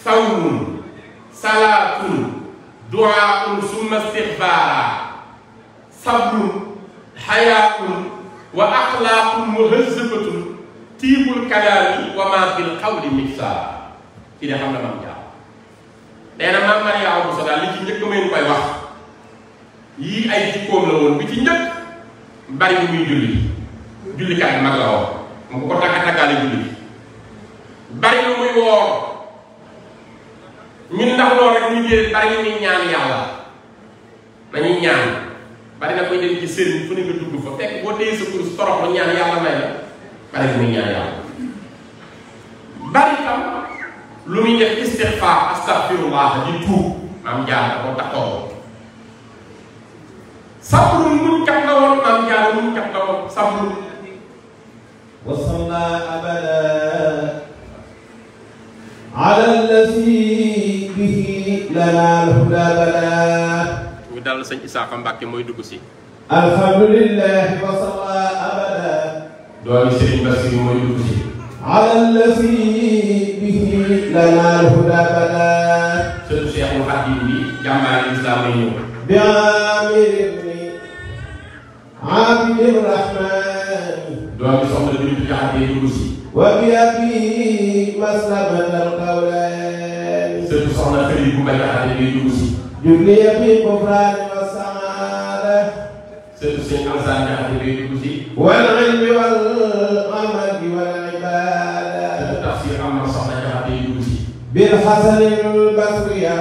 sawmun salaatun du'aa'un summa istixfaara sabrun xayaatun wa axlaaqun muhazzabatun tiibul kalaami wa maa bil qawli misaal kii de xam na maam jaaw nee na maam Mariama Bousso daal li ci njëkk ngeen koy wax yii ay jikkoom la woon bi ci njëkk bari muy julli jullikat mag la woon mu ko ko takka takkaale julli bari muy woor ñun ndax loolu rek ñu jël bari muy ñaan yàlla dañuy ñaan. bari na koy dem ci sëriñ fu ne nga dugg fa fekk boo dee sa kurus torox lu ñaan yàlla may la bari na muy ñaan yàlla bari tam lu muy def istixfaar astafirullah di tuub maam jaara ko taxawoo sabru muñ kat la woon maam jaara muñ kat la woon sabru wasalna abada ala allati bihi lana alhuda bala ñu dalal sëñ Isaaxa Mbàkke mooy dugg si alhamdulillahi wa salla abada doomi sëriñ Basiru mooy dugg si alallasi bihi lana alhuda bada sëñ Cheikh mu Xadim bi jàmbaari islam ay ñëw bi amirin ni abdin rahmani doomi soxna bi ñu jaxatee dugg si wa bi abi maslaman alqawlani sëñ soxna Fari bu ma jaxate bi dugg si julli bi kufraan wa samaada sëtu sëñ Alassane Diakhaté day dugg si wal ilmi wal amali wal ibaada sëtu tafsir Amar Soxna Diakhaté day dugg si bil xasanil basriya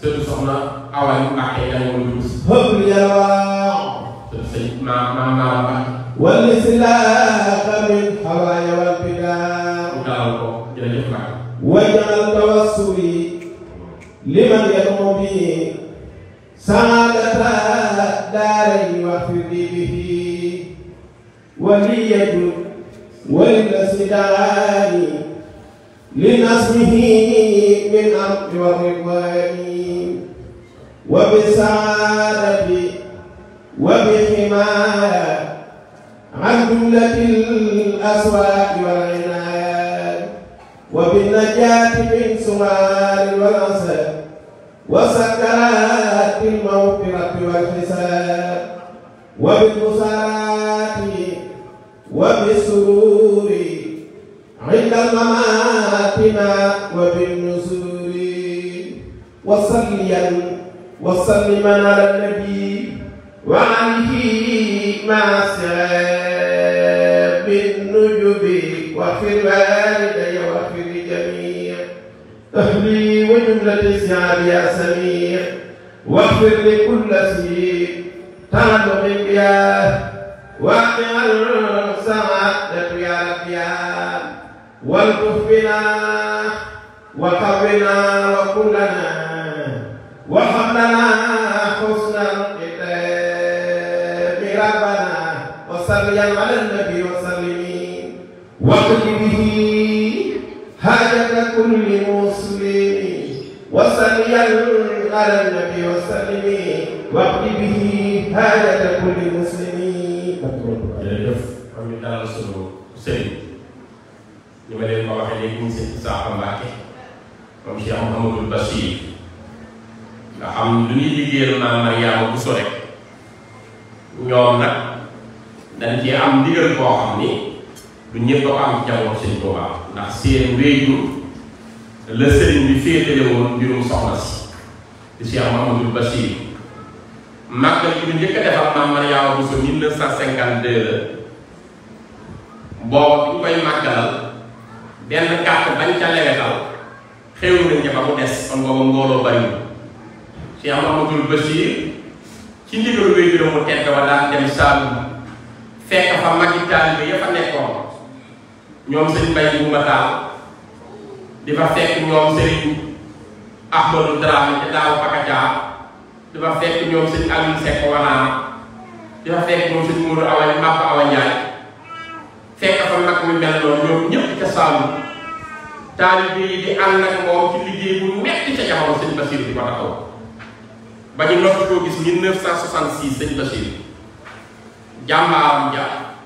sëtu soxna awal Mbàkke day dugg si hëb jalwaaw sëtu sëñ ma ma ma ma wal islaaqa min xawaaya wal bidaa mu daal ko jërëjëf Mbàkke wajal tawassuli لمن يدعو به سعادة داري واغفر به ولي وللسدان لنصره من أرض والرضوان وبسعادة وبحماية عن جملة الأسواق والعنايات وبالنجاة من سمار والأسد وسكرات المغفرة والحساب وبالمسارات وبالسرور عند المماتنا وبالنسور وصليا وسلما على النبي وعليه مع ساب النجب وفي الوالدين وفي أهلي وجملة سعادي يا سميع واغفر لكل سيء تعلق بياه واقع السعادة يا رب يا والطف بنا وقرنا وكلنا وحملنا حسن الكتاب ربنا وصل على النبي وسلم واقض به حاجة كل مسلم وصل على النبي وسلم واقض به حاجة كل مسلم jërëjëf la sëriñ bi féetale woon mbirum soxna si di Cheikh Mahamadou Bachir màggal yi ñu njëkk a defar maam Mariama Bousso 1952 la booba bu koy màggalal benn carte bañ ca lewetal xéw na ña ba mu des kon booba mbooloo bari Cheikh Mahamadou Bachir ci ndigalu wéy bi mu tedd wa daan dem Saalum fekk fa magi taalibe ya fa nekkoon ñoom sëñ Bay bu ma taal di fa fekk ñoom Serigne Ahmadou Dramé ci daaw Pakaja di fa fekk ñoom sëñ Aliou Seck Wanaa di fa fekk ñoom ja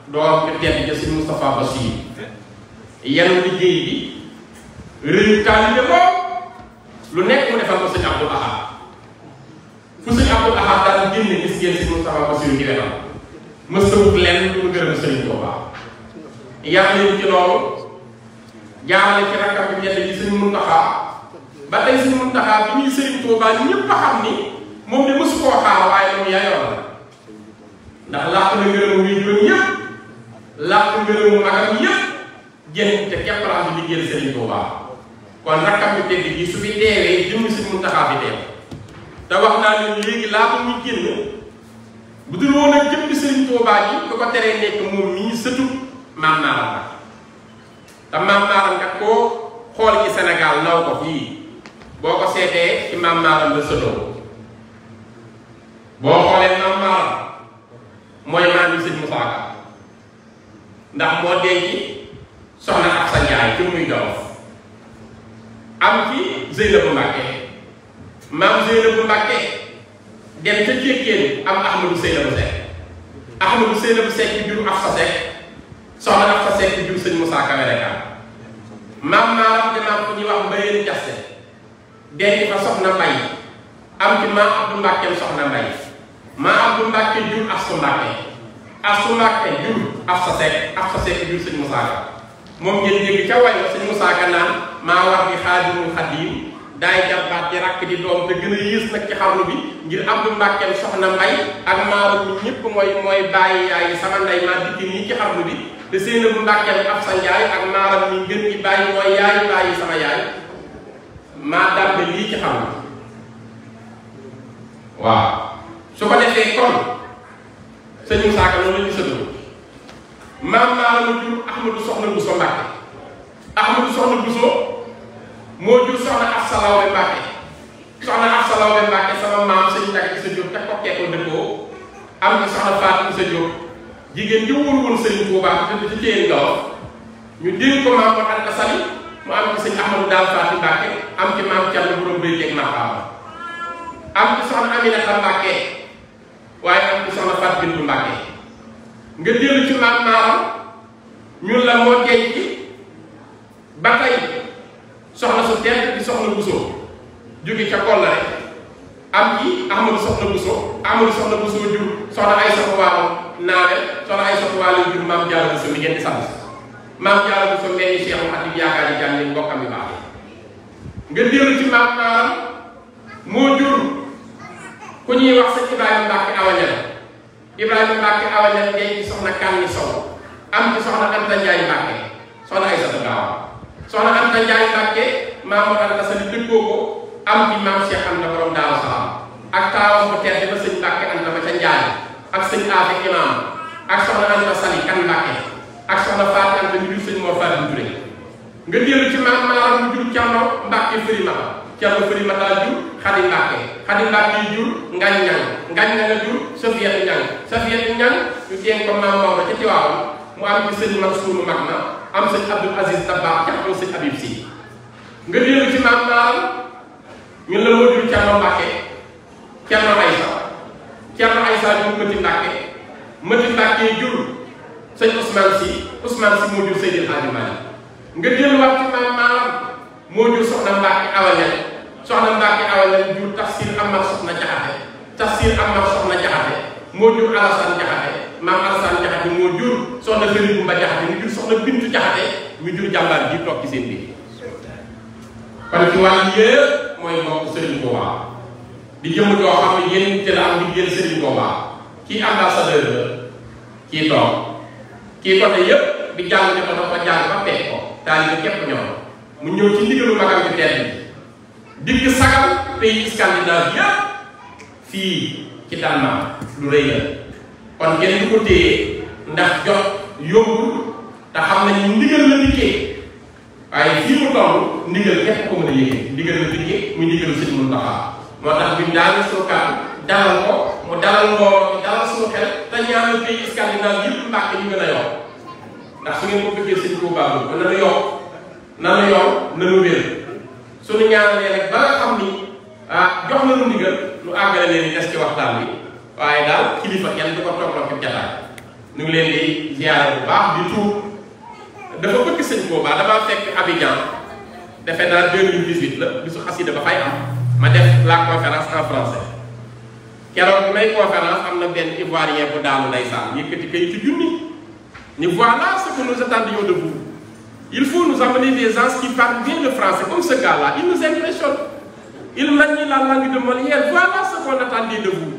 doom bi tedd ja sëñ Moustapha Basiir yenn liggéey bi. réew taalibe moom lu nekk mu defal ko sëñ Abdou Ahad fu sëñ Abdou Ahad daal génne gis ngeen si Moustapha Bassirou di defal ma sëwut lenn lu mu gërëm sëñ Touba yar leen ci loolu jaarale ci rakkam bi ñett ji sëñ Mountakha ba tey sëñ Mountakha bi ñuy sëriñ Touba ñëpp a xam ni moom de mosu koo xaar waaye la na ngërëmu wii juróom yëpp làq magam yëpp génn te kepp laa di liggéeyal sëriñ toba kon rakkam bi tëdd ji su fi teewee jëmm si mu taxaa fi teew te wax naa leen léegi laata muy génn bu dul woon jëmm sëriñ Tuubaa ji lu ko teree nekk moom mii sëtu maam naaram la te maam naaram nga koo xool ci senegaal naw ko fii boo ko seetee ci maam la sëtoo boo xoolee maam naaram mooy maam yi sëñ Musaa Ka ndax moo denc soxna Absa Njaay ci muy doom am ci Zeynabu Mbàkke maam Zeynabu Mbàkke dem ca jékkeen am Ahmadu Seynabu Seck Ahmadu Seynabu Seck jur Afsa Seck soxna Afsa Seck jur sëñ Moussa Kawereka maam maaram te maam ku ñuy wax Mbayeen Jasse denc fa soxna Mbay am ci maam Abdu Mbàkkeem soxna Mbay maam Abdu Mbàkke jur Afsa Mbàkke Afsa Mbàkke jur Afsa Seck Afsa Seck jur sëñ Moussa Ka moom ngeen dégg ca way sëñ Moussa Ka naan maa wax bi xaadimul xadim daay jàmbaat ci rakk di doom te gën a yées nag ci xarnu bi ngir Abdu Mbàkkeem soxna mbay ak maaru mi mooy mooy bàyyi yaay sama ndey maa dikki nii ci xarnu bi te Seynabu Mbàkkeem ab sa njaay ak maaram mi ngën gi bàyyi mooy yaay bàyyi sama yaay maa dàmbe lii ci xarnu waaw su ko defee kon sëñ Moussa noonu la ñu sëddoo maam maaram jur Ahmadu soxna bu sa Mbàkke ahmadou soxna buso moo jur soxna afsalaw be mbàkke soxna afsalaw be sama mam sëñ tag isa jóg te kokkee ko dëkkoo am na soxna faat isa jóg jigéen ji wóor woon sëñ tuubaa te ci téere gaw ñu dégg ko maam ko anta sali mu am ci sëñ ahmadou daal faati mbàkke am ci maam càll borom bay teg maxaama am ci soxna aminata mbàkke waaye am ci soxna faat bintu mbàkke nga dellu ci maam ñun la moo jeej bakay soxna su tedd di soxna buso jóge ca Kolla rek am ci amul soxna buso amul soxna buso ju soxna ay soxna waalo naawe soxna ay soxna waalo ju maam Diallo Bousso mi ngeen di mam maam Diallo so meññ Cheikh Khadim yaakaar yi mbokami ba nga delu ci mam naam mo jur ku ñi wax sa ibrahim Mbacke awañal ibrahim Mbacke awañal ngay ci soxna ni Sow am ci soxna Anta Ndiaye Mbacke soxna ay soxna gaaw soxna anta njaay mbàkke maamoor anta sali dëggoo ko am bi maam cheikh kan anta borom daaru salaam ak taawam bu tedd ba sëñ mbàkke anta ba ca njaay ak sëñ aafe imaam ak soxna anta sali kan mbàkke kan ak soxna faat anta ñu jur sëñ mor faat jure nga dellu ci maam maaram mu jur cerno mbàkke fëri mata cerno fëri mata jur xadi mbàkke xadi mau jur ngañ ñang ngañ ñang jur safiyatu ñu ko mu am ci am sëñ Abdul Aziz Dabakh ca am sëñ Habib Sy nga dellu ci maam Maaram ñun la moo jur Cerno Mbàkke Cerno Aysa Cerno Aysa jur Mëti Mbàkke Mëti Mbàkke jur sëñ Ousmane Sy Ousmane Sy moo jur Seydi Hadji Malick nga delluwaat ci maam Maaram jur Soxna Mbàkke Awa soxna Mbacke Awa Ñaŋ jur tafsir Amar soxna Jaxate tafsir Amar soxna Jaxate moo jur Alassane Jaxate maam Alassane di moo jur soxna Sëriñ Bumba Jaxate mu jur soxna Bintu Jaxate mu jur jàmbaar ji toog ci ci di jëm joo xam ne yéen te la am liggéeyal Sëriñ Tuubaa kii ambassadeur la kii toog kii côté yëpp bi jàng ne ko dafa ko jàng ba teg ko taalibe képp ñoom mu ñëw ci ndigalu magam ci tedd bi digg sagal pays scandinave ci lu la kon kenn du ko téye ndax jot yóbbul te xam nañu ndigal la dikkee waaye fii mu toll ndigal képp ko mën a yëgee ndigal la dikkee muy ndigal sëñ Muntaxa moo tax bi ñu daal sunu kàddu dalal ko mu dalal ngoo dalal yëpp mbàkk yi gën a yokk ndax su ngeen ko bëggee sëñ Tuubaa ba nanu yokk nanu yokk nanu wér suñu ñaanalee rek ba xam ni ah jox nañu ndigal lu àggale leen des ci waxtaan bi waaye daal kilifa kenn du ko ce fi jataay ñu ngi leen di ziar bu baax di tuub dafa bëgg sëñ Touba damaa fekk Abidjan defe naa 2018 la bisu xasida ba fay am ma def la conférence en français keroog may conférence am na benn ivoirien bu daanu ndeysaan yëkkati kay ci junni ni voilà ce que nous attendions de vous il faut nous amener des gens qui parlent bien le français comme ce gars-là il nous impressionne il manie la langue de Molière voilà ce qu'on attendait de vous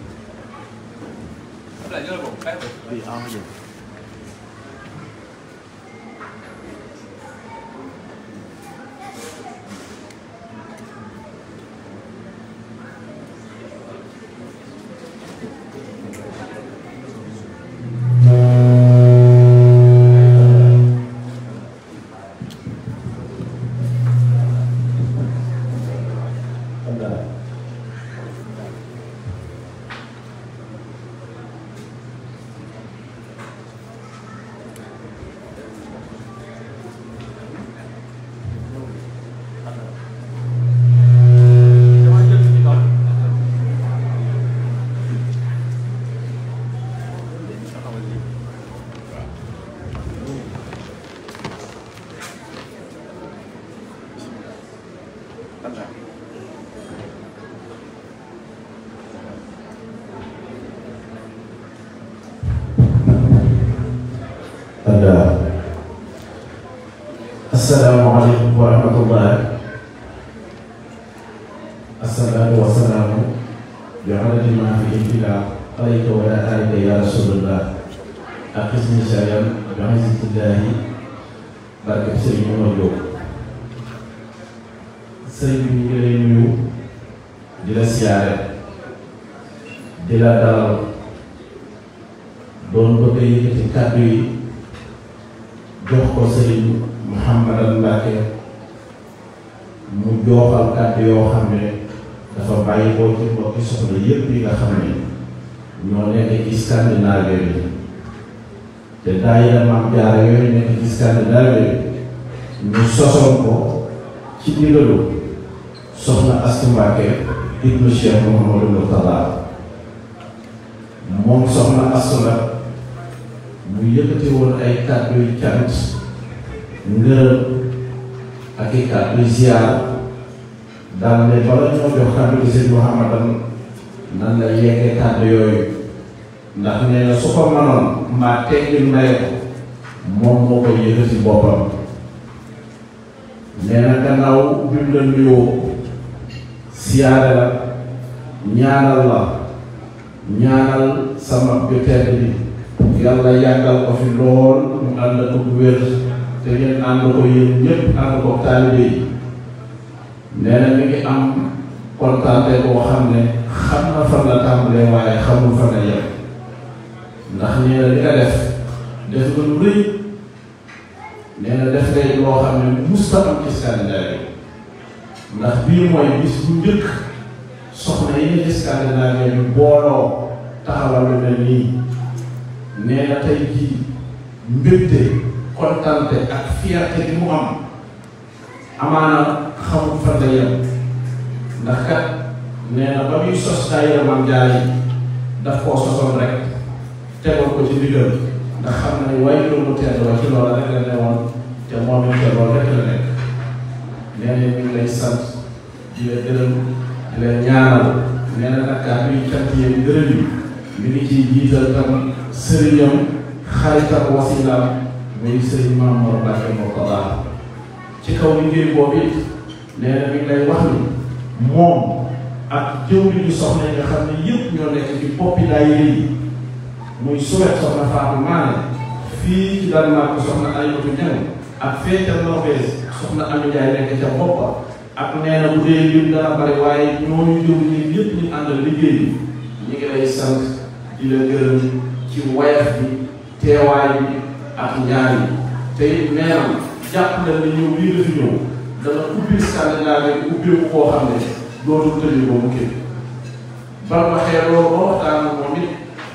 别熬夜。ziyaara daan ne bala ñoo jox kàddu gi sëñ Mouhamadan nan la yeggee kàddu yooyu ndax nee na su ko mënoon mbaa teggil moom moo koy yëkkati boppam nee na gannaaw bi mu la nuyoo siyaare la ñaanal la ñaanal sama mag bi tedd bi ko fi lool mu ànd ko wér te ngeen ànd ko yéen ñépp ànd nee na mi ngi am kontaante boo xam ne xam na fan la tàmbalee waaye xamul fan la yem ndax nee na li nga def def nga lu rëy nee na def nga loo xam ne musta am ci Scandinavie ndax bii mooy bis bu njëkk soxna yi ci Scandinavie ñu booloo taxawal lu mel nii nee na tey jii mbégte kontante ak fierté bi mu am. amaana xamul fan la yem ndax kat nee na ba muy sos daayira Maam Jaara yi daf koo sosoon rek tegoon ko ci ndigal ndax xam na ni waaye loolu teel wa ci loola rek ne woon te moom it te loolu rek la nekk nee na ñu ngi lay sant di la gërëm di la ñaanal nee na nag kàddu yi cant yi ngërëm yi mi ngi ciy jiital tam sëriñam xaritam wasilaam muy sëriñ Maam Mor Mbacke moo ko baax ci kaw liggéey boobu it nee na mi ngi lay wax ni moom ak jëwriñ ñu soxna yi nga xam ne yëpp ñoo nekk ci boppi daayira yi muy suwet soxna Fatou Mané fii ci Danemark soxna Ayotu Ñang ak fee ca Norvège soxna Ami Ndiaye nekk ca boppa ak nee na bu dee lim waaye ñooñu jëwriñ ñi yëpp ñu àndal liggéey bi ñu ngi lay sant di la gërëm ci wayaf bi teewaay bi ak ñaar te it nee jàpp na ne ñëw lii la fi ñëw dana ubbi Scandinavie ubbeeku koo xam ne dootul tëjee ba mu kenn ba ma xee loolu ba waxtaan ak moom it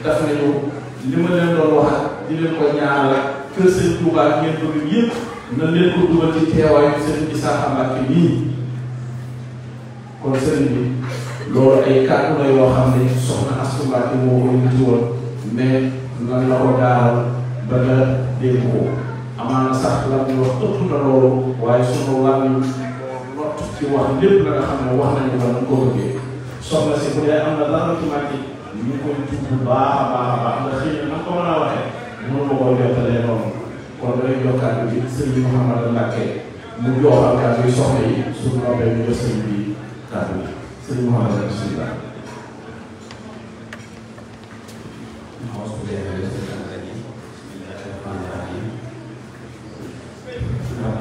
daf li ma leen doon wax di leen ko ñaanal ak kër na leen ko dugal ci teewaayu sëñ Issa Mbacke nii kon sëñ bi loolu ay kàddu la yoo xam ne soxna Astou Mbacke moo ko yëngati woon mais nan la ko daaral ba nga amaana sax la ñuy wax ëpp na loolu waaye sunu wàllu lot ci wax lépp la nga xam ne wax nañu ko nañ ko bëggee soxna si bu dee am na dara ci màcc ñu ngi koy tudd bu baax a baax a baax ndax xëy na nan ko mën a waxee mënu ma koo jottalee noonu kon dañuy yokkaat bi sëriñ Mouhamadou Mbacke mu joxal kàddu yi soxna yi suñu noppee ñu jox sëriñ bi kàddu yi sëriñ Mouhamadou bismillah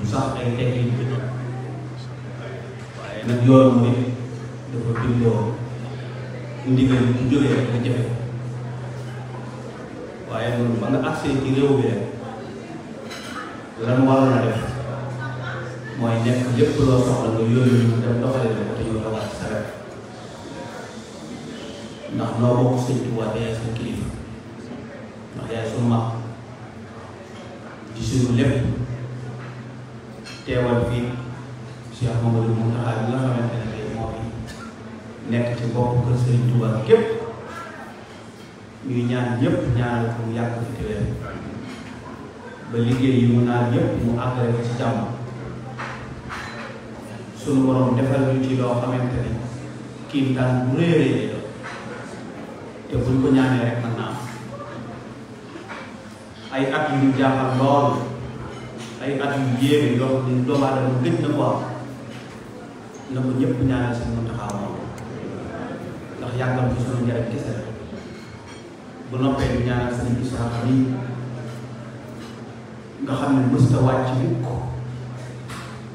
du sax ay tekki yu gën a waaye nag yoonu mooy dafa bindoo ndigal bu jógee rek nga jafe waaye loolu ba nga accès ci réew bi rek lan waroon a def mooy nekk lépp loo soxla nga yooyu ñu dem doxalee ko te yow dawaat sa rek ndax noo bokk sëñ Tuubaa yaay suñu kilifa ndax yaay suñu mag di suñu lépp teewal fii Cheikh Mamadou Mountakha bi nga xamante ne moo fi nekk ci bopp kër Serigne Touba képp ñuy ñaan ñëpp ñaanal ko mu yàgg fi te wér ba liggéey yi mu naan yëpp mu àggale ko ci jàmm sunu borom defal ñu ci loo xamante ne kii daan bu réeréer te buñ ko ñaanee rek mën naa ay at yu ñu jaaxal ay at yu yéeme yoo xam ne doomu aadama gëj na ko am na ko mu suñu njëriñ kese la bu noppee ñu ñaanal sëñ Isaaxa nii nga xam ne mës ta wàcc mukk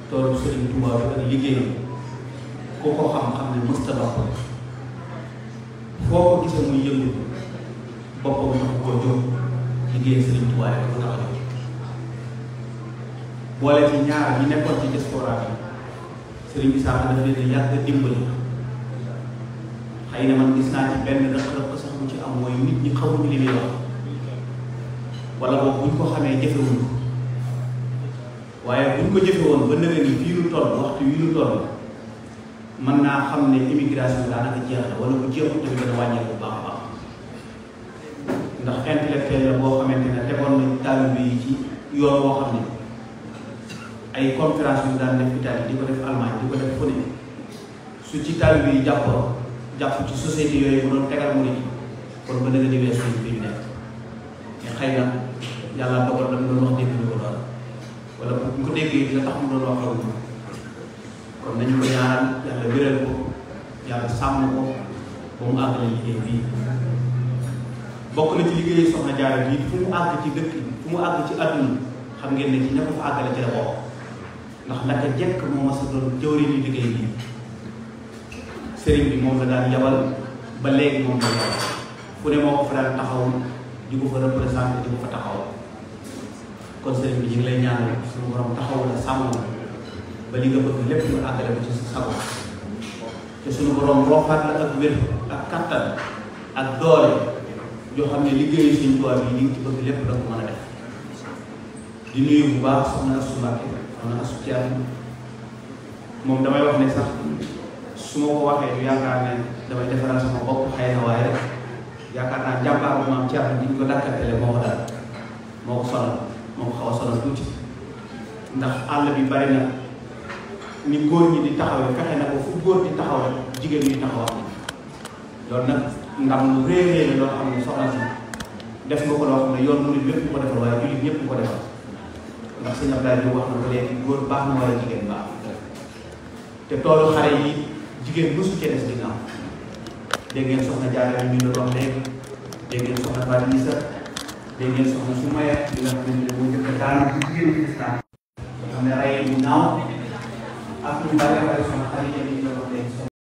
toolu sëriñ Tuubaa bi ak ko xam-xam ne mës ta dox ko gisee ko koo liggéey sëriñ Tuubaa yi ko tax boole ci ñaar ñi nekkoon ci diaspora bi Serigne Issa daf leen yàgg dimbali xëy na man gis naa ci benn rëq-rëq sax bu ci am mooy nit ñi xamuñu li muy wax wala boog buñ ko xamee jëfewuñ ko waaye buñ ko jëfewoon ba nëgë ni fii lu toll waxtu wi lu toll mën naa xam ne immigration daanaka jeex na wala bu jeexul tamit dana wàññeeku baax baax ndax intellectuel la boo xamante ne tegoon nañ taalibe yi ci yoon boo xam ne. ay conférence yu daan def Italie di ko def Allemagne di ko def fu su ci taw bi jàppoo jàpp ci société yooyu mu doon tegal murid yi kon ba dëgg di weesu nekk na yàlla ñu ko doon wala bu ko yàlla wéral ko yàlla sàmm ko ba mu àggale liggéey bii bokk na ci liggéey soxna Jaara bii fu mu àgg ci dëkk fu mu àgg ci àdduna xam ngeen ne ci ña ko fa àggale ci la bokk ndax naka jekk mo ma sa doon jëwri ni liggéey nii sëriñ bi moom la daan yabal ba léegi moom la yabal fu ne moo ko fa daan taxaw di ko fa représenté di ko fa taxaw kon sëriñ bi ñu ngi lay ñaanal suñu borom taxaw la sàmm ba li nga bëgg lépp ñu àggale ko ci sa sago te suñu borom roofaat la ak wér ak kattan ak doole yoo xam ne liggéeyu suñu tubaab yi di nga ci bëgg lépp da ko mën a def di nuyu bu baax soxna Soumaré as nah, ci am moom damay wax ne sax su ma ko waxee du yaakaar ne damay defaral sama bopp xëy na waaye yaakaar naa jàmbaar bu maam ci am ñu ko dàkkatele moo ko dal moo ko sonal moo ko xaw a sonal tuuti ndax àll bi bari na ni góor ñi di taxawee fexe na ko fu góor di taxaw rek jigéen ñi taxawal loolu nag ndam lu réeréer loo xam ne soxna si def nga ko loo xam ne yoon mu lépp ko defal waaye ñëpp ko defal ndax sëñ Abdoulaye wax na ko léegi góor baax na te toolu xare yi jigéen mosu cee des ginnaaw dégg ngeen soxna Diarra ñu doon wax léegi dégg ngeen soxna Fatou Issa dégg ngeen soxna Soumaya di nga xam ne moo jëkk daanu ci jigéen ñi islam nga xam ne